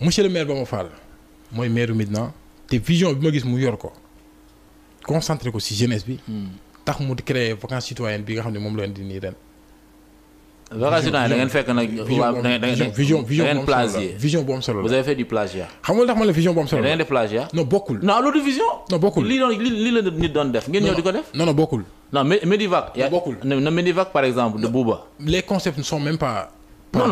monsieur le maire Bamba Fall mooy maire Médina te vision bi ma gis mu yor ko concentré ko si jeunesse bi. Hmm. tax mu créer vacance citoyenne bi nga xam ne moom la di nii ren. vacance citoyenne da ngeen fekk nag. vision vision vision bu am solo la. vous avez fait la vision bu solo la da ngeen def plagiat. non vision. non bokkul lii doon lii la nit doon def. ngeen ñëw di ko def noon non bokkul. non Medivac. bokkul na Medivac par exemple de Bouba. les concepts ne sont même pas. non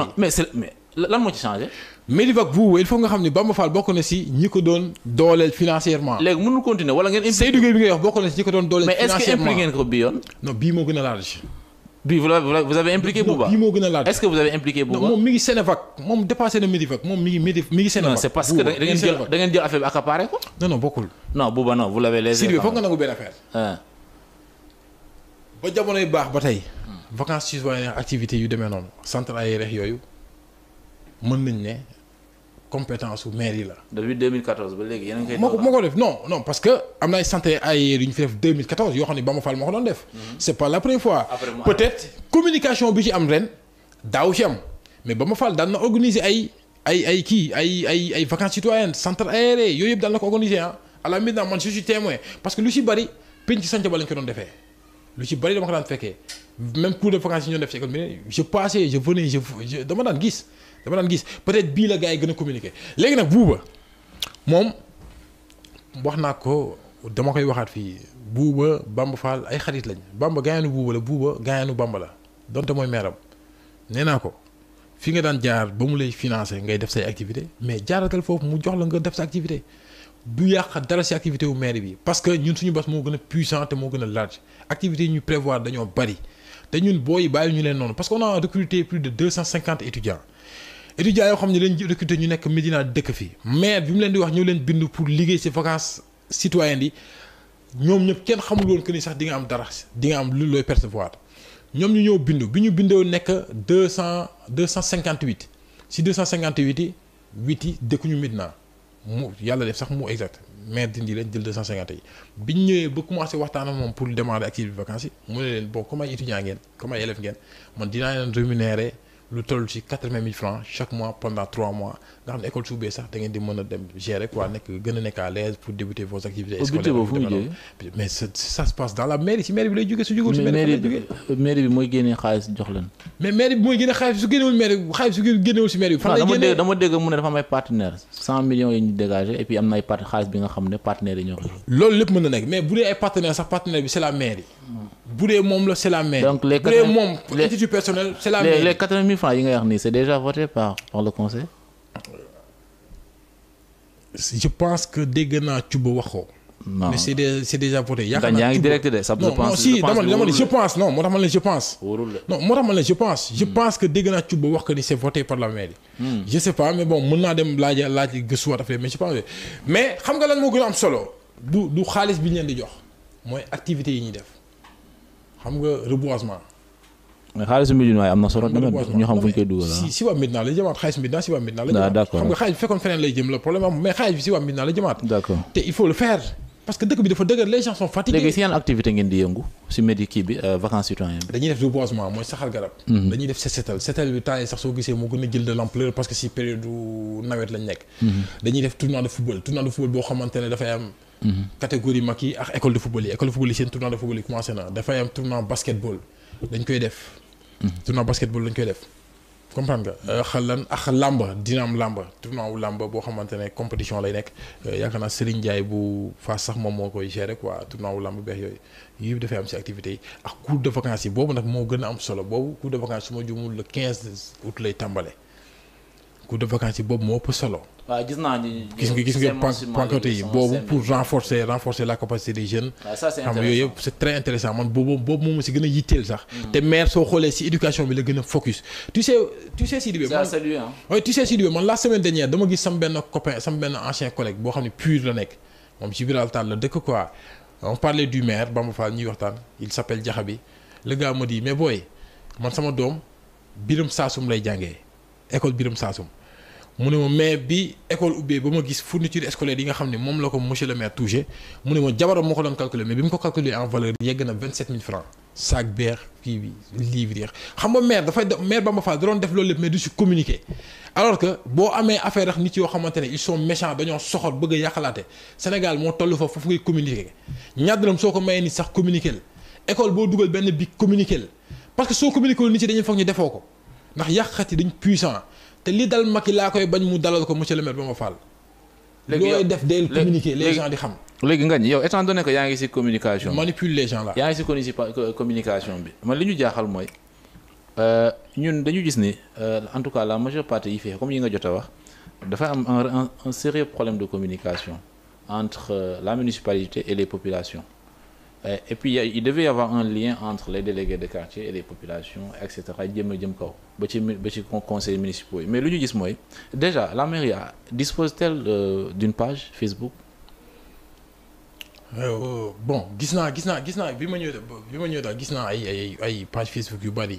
non changé. Medivac Bouba il faut nga xam ni Bamba Fall bokk na si ñi ko doon dooleel financièrement. léegi mënul continuer wala ngeen. Seydou Gueye bi ngay wax bokk na si ñi ko doon dooleel. financièrement mais est-ce que impliqué ngeen ko bii yoon. non moo gën a large. bii vous vous avez impliqué Bouba bii moo bokkul. non Bouba non vous l'avez laissé. foog nga nangu benn affaire. Ah. ba jamono yu baax ba tey. vacances citoyennes activité yu demee noonu centre ay yooyu mën nañ ne compétence u maire yi la. depuis 2014 ba léegi yéen a ngi koy. moo ko moo ko def non non parce que am na ay santé ay yu ñu fi def yoo xam ne Bamba Fall moo ko doon def. Mhm. c'est pas la première fois. peut-être communication bi ci am ren daaw ci am mais ba Bamba Fall daan na organiser ay ay ay kii ay ay ay vacances citoyennes centre aéré yooyu yëpp daan na ko organiser ah à la minute man je suis témoin parce que lu ci bari penc santé ba lañ ko doon defee. lu ci bari dama ko daan fekkee même cours de vacances yi ñoo def ci école bi je passais je venais je dama daan gis dama daan gis peut-être bii la gars yi gën a communiquer léegi nag buuba moom wax naa ko dama koy waxaat fii buuba Bamba Fall ay xarit lañ Bamba gaañaanu buuba la buuba gaañaanu Bamba la donte mooy meeram nee naa ko fi nga daan jaar ba mu lay financer ngay def say activité mais jaaratal foofu mu jox la nga def sa activité du yàq dara ci activité wu mairie bi parce que ñun suñu bas moo gën a puissant te moo gën a large activité yi ñu prévoir dañoo bari te ñun booy bàyyi ñu leen noonu parce que on a recruté plus de deux cent cinquante étudiants yoo xam ne dañ recruté ñu nekk Médina dëkk fi maire bi mu leen di wax ñëw leen bindu pour liggéey ci vacances citoyennes yi ñoom ñëpp kenn xamul woon que ni sax di nga am dara di nga am lu looy percevoir ñoom ñu ñëw bindu bi ñu bindoo nekk deux cent deux cent cinquante huit ci deux cent cinquante huit yi dëkkuñu Médina mu yàlla def sax mu exact maire dindi leen jël 250 yi biñ ñëwee ba commencé waxtaan moom pour demander activité vacances yi mu ne leen bon comme ay étudiants ngeen comme ay élèves ngeen man dinaa leen rémunérer lu toll ci quatre vingt mille francs chaque mois pendant trois mois nga xam ne école su sax da di mën a dem gérer quoi nekk gën a nekk à pour débuter vos activités scolaires mais ça se dans la mairie ci mairie bi lay jógee su jógul ci mairie bi mooy génnee xaalis jox leen mais mairie bi mooy génne xaalis su génnewul mairie xaalis su génnewul ci mairie bi fan dama dégg mu ne dafa am ay partenaires cent millions yi ñu dégagé na ay ne partenaires yi ñoo lépp mën na nekk mais bu bu dee moom la c'est la même. donc les bu dee moom institut personnel c'est la même. mille francs yi nga wax nii c'est déjà voté par le conseil. je pense que dégg naa Cuba wax ko. non mais c'est déjà c'est yaa ngi direct de pense non moo tax ma pense. wóorul la non moo tax ma ne je pense. je hmm. naa Cuba wax que ni c'est voté par la mairie. Hmm. je sais pas mais bon mën naa dem laaj laaj gëstuwaat affaire mais je pense mais xam nga lan moo gën a am solo. du du xaalis bi ñu di jox mooy activité yi ñuy def. xam nga reboisement. mais xaalisu Médina am na solo. ñu xam fu xam nga xaalis bi fekkoon feneen lay jëm la problème am mais xaalis bi si waa Médina la jëmaat. d'accord te il faut le faire. parce que dëkk bi dafa dëgër les euh, mooy saxal garab. Mhm. dañuy def setal setal bi temps sax soo gisee moo gën a jël de l'ampleur parce que si période nawet lañ nekk. Mhm. dañuy def tournoi de football tournoi de football boo xamante dafay am Mm-hmm. catégorie mag yi ak école de football yi école de football yi seen tournoi de football yi commencé na dafay am tournoi basketball dañ koy def. Mm-hmm. tournoi basketball dañ koy def. comprendre nga euh, lan ak làmba dina am làmba tournoi wu làmba boo xamante ne compétition lay nekk euh, yaakaar naa Serigne Ndiaye bu Fass sax moom moo koy gérer waa tournoi wu làmb beex yooyu yëpp dafay am si activités yi ak cours de vacances yi boobu nag moo gën a am solo boobu cours de vacances su ma jumul le 15 août lay tàmbale. cours de vacances yi boobu moo ëpp solo. waaw gis naa ni gis nga gis nga pancarte yi boobu pour renforcer renforcer la capacité des jeunes. xam yooyu yëpp c'est très intéressant man boobu boobu moom si gën a yitteel sax. Hmm. te maire soo xoolee si éducation bi la gën a focus. tu sais tu sais Sidibé man oui tu sais Sidibé man la semaine dernière dama gis sam benn copain sam benn ancien collègue boo xam ne pur la nekk moom si Biral Tall la dëkk quoi on parlait du maire Bamba Fall ñuy waxtaan il s'appelle Diakhabi le ma di mais booy man sama lay jàngee. école Birame Sassoum mu ne ma mais bi école ubbee ba ma gis fourniture scolaire yi nga xam ne moom la ko monsieur le maire touché mu ne ma jabaram moo ko doon calculer mais bi mu ko calculer en valeur yegg na vingt sept mille francs sac beer kii bi livre yeex maire dafay maire Bamba Fall da doon def loolu lépp mais du si communiquer alors que boo amee affaire ak nit yoo xamante ne ils sont méchants dañoo soxor bëgg a yàqalaate Sénégal moo toll foofu foofu ngay communiquer ñàddalam soo ko mayee nit boo dugal benn bi communiquer la parce que soo ñu defoo ko. ndax yàqkat yi dañ puissant te li dal Macky laa koy bañ mu dalal ko monsieur le maire ba ma Fall. léegi looy def deel communiquer les gens di xam. léegi nga yow étant donné que yaa ngi ci communication. manipule les gens là. yaa ngi ci communication bi. man li ñu jaaxal mooy euh, ñun dañu gis ni euh, en tout cas la majeure partie yi fii comme yi nga jot a wax dafa am un un sérieux problème de communication entre euh, la municipalité et les population Eh, et puis il devait y avoir un lien entre les délégués de quartier et les populations et cetera jëm a jëm kaw ba ci ba ci conseils municipaux yi mais lu ñu gis mooy déjà la mairie dispose-t-elle euh, d'une page Facebook euh, oh, bon gis naa gis naa gis naa bi ma ñëw bi ma ñëw daal gis naa ay ay ay page Facebook yu bari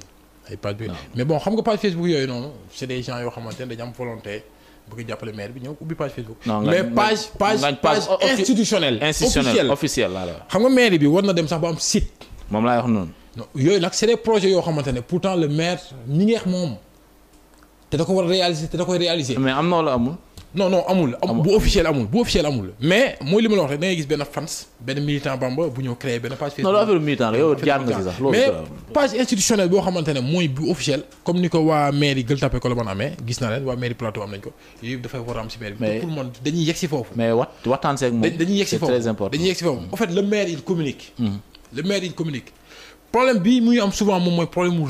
ay page mais bon xam nga page Facebook yooyu noonu c'est des gens yoo xamante ne dañu am volonté bëgg jàppale maire bi ñëw ubbi page Facebook. mais page page page institutionnelle. institutionnelle officielle la xam nga maire bi war na dem sax ba am site. moom laay wax noonu. yooyu nag c'est des projets yoo xamante ne pourtant le maire mi ngeex moom te da ko war a réaliser te da koy réaliser. mais am na la amul. non non amul bu officiel amul bu officiel amul mais mooy li ma la wax rek da gis benn fans benn militant Bamba bu ñëw créer benn page Facebook. non loolu affaire mais bu officiel comme ni ko waa mairie Gueule Tapée Colobane amee gis naa leen waa mairie Plateau am nañ ko yooyu dafay war a am ci mairie bi pour man dañuy yegg si foofu dañuy yegg foofu dañuy yegg foofu mm. en fait le maire mm. communique problème bi muy am souvent moom mooy problème mu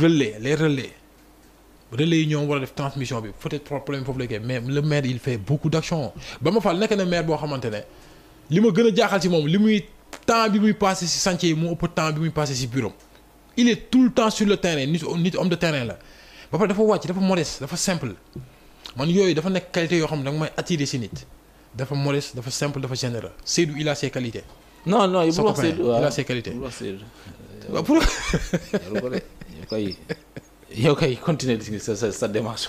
relais yi ñoom war a def transmission bi peut-être problème foofu la koy mais le maire il fait beaucoup d'actions ba ma fal nekk na maire boo xamante ne li ma gën a jaaxal ci moom li muy temps bi muy passé ci chantier yi moo ëpp temps bi muy passé ci bureau il tout le temps sur le terrain nit nit homme de terrain la ba pare dafa wàcc dafa modeste dafa simple man yooyu dafa nekk qualité yoo xam ne danga may attirer ci nit dafa modeste dafa simple dafa généreux Seydou il a ses qualités. a ses qualités. yow kay continuer di sa sa sa démarche